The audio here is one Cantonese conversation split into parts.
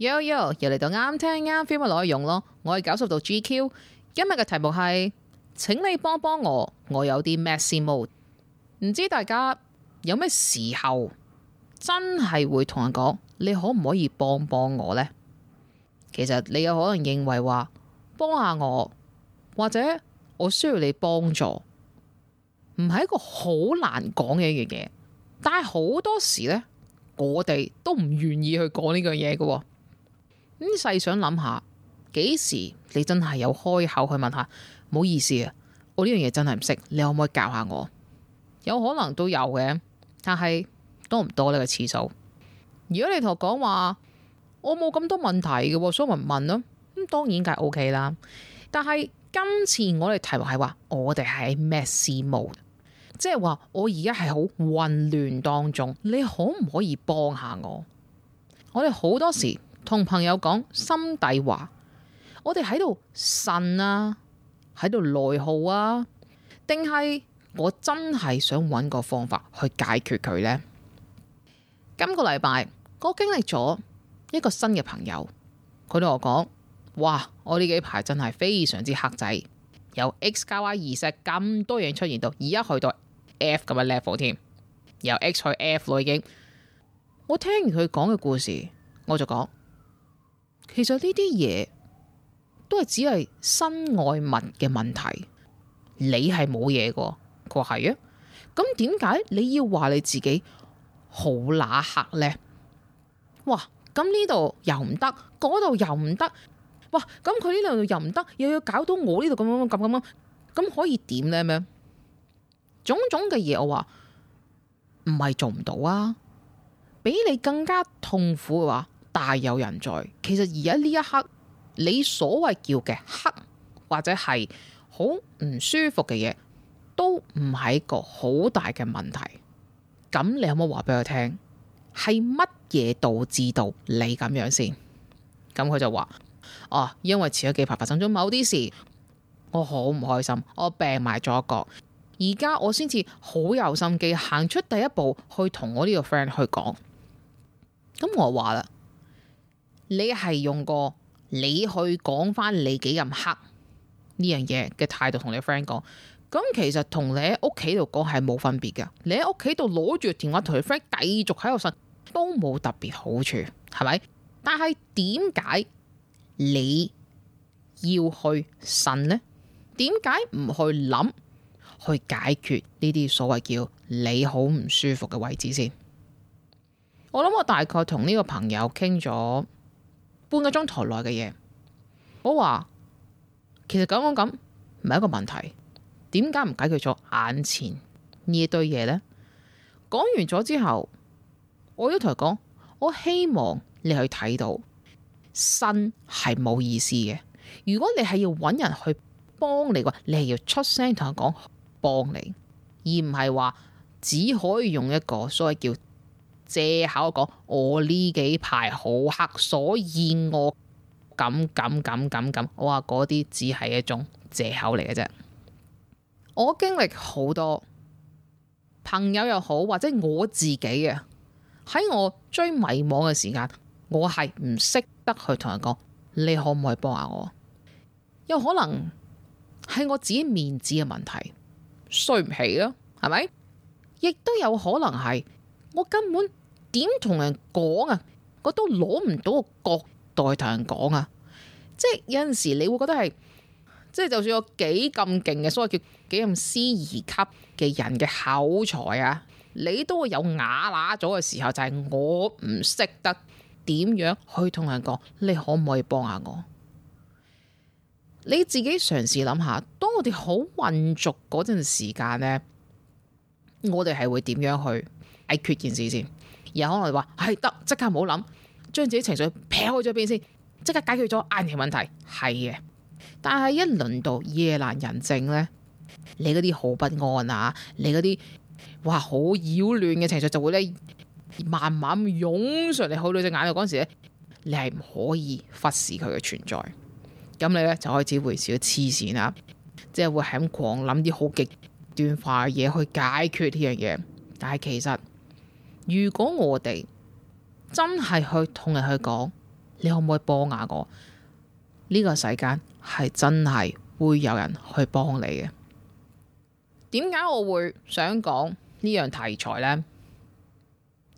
Yo yo，又嚟到啱聽啱 feel 嘅內容咯，我係九十度 GQ，今日嘅題目係，請你幫幫我，我有啲 messy mood」。唔知大家有咩時候真係會同人講，你可唔可以幫幫我呢？其實你有可能認為話幫下我，或者我需要你幫助，唔係一個好難講嘅一樣嘢，但係好多時呢，我哋都唔願意去講呢樣嘢嘅。咁細想諗下，幾時你真係有開口去問下？唔好意思啊，我呢樣嘢真係唔識，你可唔可以教下我？有可能都有嘅，但係多唔多呢，這個次數？如果你同我講話，我冇咁多問題嘅，所以咪問咯。咁當然梗計 O K 啦。但係今次我哋題目係話，我哋喺咩事 s 即係話我而家係好混亂當中，你可唔可以幫下我？我哋好多時。同朋友講心底話，我哋喺度呻啊，喺度內耗啊，定係我真係想揾個方法去解決佢呢？今個禮拜我經歷咗一個新嘅朋友，佢同我講：，哇，我呢幾排真係非常之黑仔，由 X 加 Y 二世咁多嘢出現到，而家去到 F 咁嘅 level 添，由 X 去 F 咯已經。我聽完佢講嘅故事，我就講。其實呢啲嘢都係只係身外物嘅問題，你係冇嘢個，佢話係啊，咁點解你要話你自己好乸黑咧？哇！咁呢度又唔得，嗰度又唔得，哇！咁佢呢度又唔得，又要搞到我呢度咁樣咁咁咁，咁可以點咧？咩？種種嘅嘢，我話唔係做唔到啊，比你更加痛苦啊！大有人在。其實而家呢一刻，你所謂叫嘅黑或者係好唔舒服嘅嘢，都唔係一個好大嘅問題。咁你可唔可以話俾我聽，係乜嘢導致到你咁樣先？咁佢就話：哦、啊，因為遲咗幾排發生咗某啲事，我好唔開心，我病埋咗一個，而家我先至好有心機行出第一步去同我呢個 friend 去講。咁我話啦。你係用個你去講翻你幾咁黑呢樣嘢嘅態度，同你 friend 講咁，其實同你喺屋企度講係冇分別嘅。你喺屋企度攞住電話同你 friend 繼續喺度呻，都冇特別好處，係咪？但係點解你要去呻呢？點解唔去諗去解決呢啲所謂叫你好唔舒服嘅位置先？我諗我大概同呢個朋友傾咗。半個鐘頭內嘅嘢，我話其實講講咁唔係一個問題，點解唔解決咗眼前呢一堆嘢呢？講完咗之後，我都同佢講，我希望你去睇到新係冇意思嘅。如果你係要揾人去幫你嘅話，你係要出聲同佢講幫你，而唔係話只可以用一個所謂叫。借口講我呢幾排好黑，所以我咁咁咁咁咁，我話嗰啲只係一種借口嚟嘅啫。我經歷好多朋友又好，或者我自己嘅，喺我最迷茫嘅時間，我係唔識得去同人講，你可唔可以幫下我？有可能係我自己面子嘅問題，衰唔起囉，係咪？亦都有可能係我根本。點同人講啊？我都攞唔到個角度同人講啊！即係有陣時你會覺得係，即係就算有幾咁勁嘅，所謂叫幾咁 C 二級嘅人嘅口才啊，你都會有啞乸咗嘅時候。就係、是、我唔識得點樣去同人講，你可唔可以幫下我？你自己嘗試諗下，當我哋好混濁嗰陣時間呢，我哋係會點樣去解、哎、決件事先？而可能話係、哎、得，即刻唔好諗，將自己情緒撇開咗邊先，即刻解決咗安全問題係嘅。但係一輪到夜闌人靜咧，你嗰啲好不安啊，你嗰啲哇好擾亂嘅情緒，就會咧慢慢湧上你好對隻眼度。嗰時咧，你係唔可以忽視佢嘅存在。咁你咧就開始會少黐線啦，即係會係狂諗啲好極端化嘅嘢去解決呢樣嘢，但係其實。如果我哋真係去同人去講，你可唔可以幫下我？呢個世間係真係會有人去幫你嘅。點解我會想講呢樣題材呢？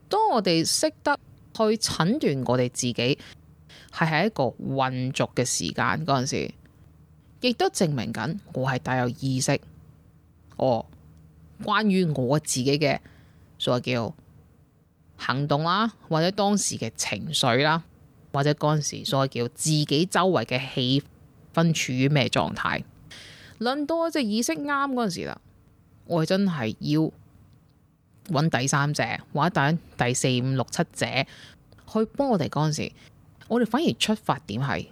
當我哋識得去診斷我哋自己係喺一個混濁嘅時間嗰陣時，亦都證明緊我係帶有意識。哦，關於我自己嘅所謂叫。行動啦，或者當時嘅情緒啦，或者嗰陣時所謂叫自己周圍嘅氣氛處於咩狀態？論 到我只意識啱嗰陣時啦，我真係要揾第三者，或者第第四五六七者去幫我哋嗰陣時，我哋反而出發點係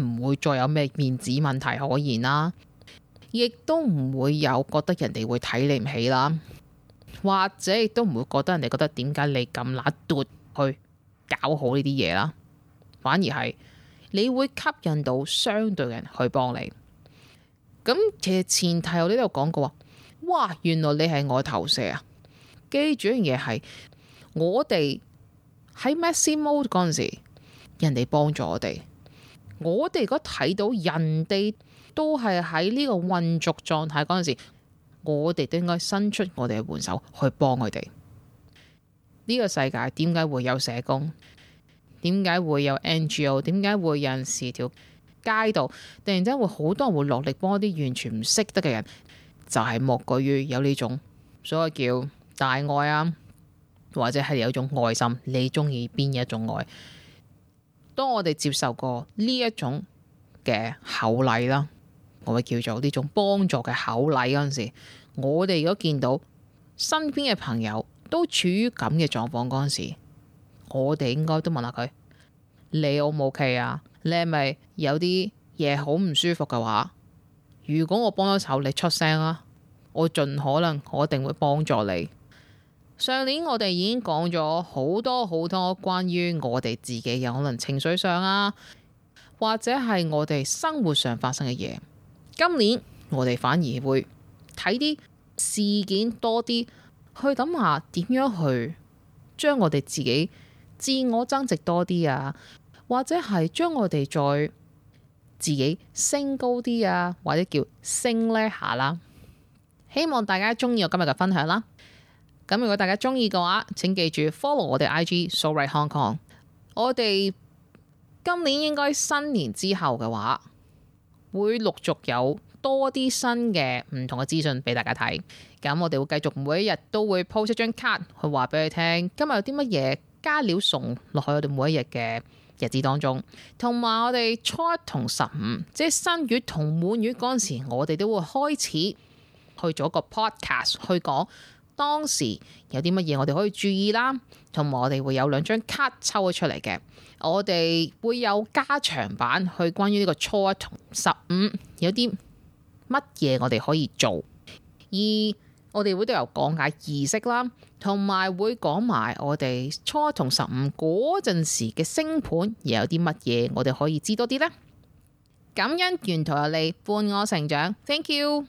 唔會再有咩面子問題可言啦，亦都唔會有覺得人哋會睇你唔起啦。或者亦都唔會覺得人哋覺得點解你咁懶惰去搞好呢啲嘢啦，反而係你會吸引到相對嘅人去幫你。咁其實前提我呢度講過，哇，原來你係我投射啊！記住一樣嘢係，我哋喺 messy mode 嗰陣時，人哋幫助我哋，我哋如果睇到人哋都係喺呢個混濁狀態嗰陣時。我哋都應該伸出我哋嘅援手去幫佢哋。呢個世界點解會有社工？點解會有 NGO？點解會有時條街道？突然之間會好多人會落力幫一啲完全唔識得嘅人？就係莫過於有呢種所謂叫大愛啊，或者係有一種愛心。你中意邊一種愛？當我哋接受過呢一種嘅厚禮啦。我會叫做呢種幫助嘅口禮嗰陣時，我哋如果見到身邊嘅朋友都處於咁嘅狀況嗰陣時，我哋應該都問下佢：你 O 唔 OK 啊？你係咪有啲嘢好唔舒服嘅話？如果我幫咗手，你出聲啦，我盡可能我一定會幫助你。上年我哋已經講咗好多好多關於我哋自己有可能情緒上啊，或者係我哋生活上發生嘅嘢。今年我哋反而會睇啲事件多啲，去諗下點樣去將我哋自己自我增值多啲啊，或者係將我哋再自己升高啲啊，或者叫升叻下啦。希望大家中意我今日嘅分享啦。咁如果大家中意嘅話，請記住 follow 我哋 IG Zorite HK。我哋今年應該新年之後嘅話，會陸續有多啲新嘅唔同嘅資訊俾大家睇，咁我哋會繼續每一日都會 post 一張 card 去話俾你聽，今日有啲乜嘢加料送落去我哋每一日嘅日子當中，同埋我哋初一同十五，即係新月同滿月嗰陣時，我哋都會開始去做一個 podcast 去講。當時有啲乜嘢我哋可以注意啦，同埋我哋會有兩張卡抽咗出嚟嘅。我哋會有加長版去關於呢個初一同十五有啲乜嘢我哋可以做，而我哋會都有講解儀式啦，同埋會講埋我哋初一同十五嗰陣時嘅星盤，又有啲乜嘢我哋可以知多啲咧。感恩沿途有你伴我成長，Thank you。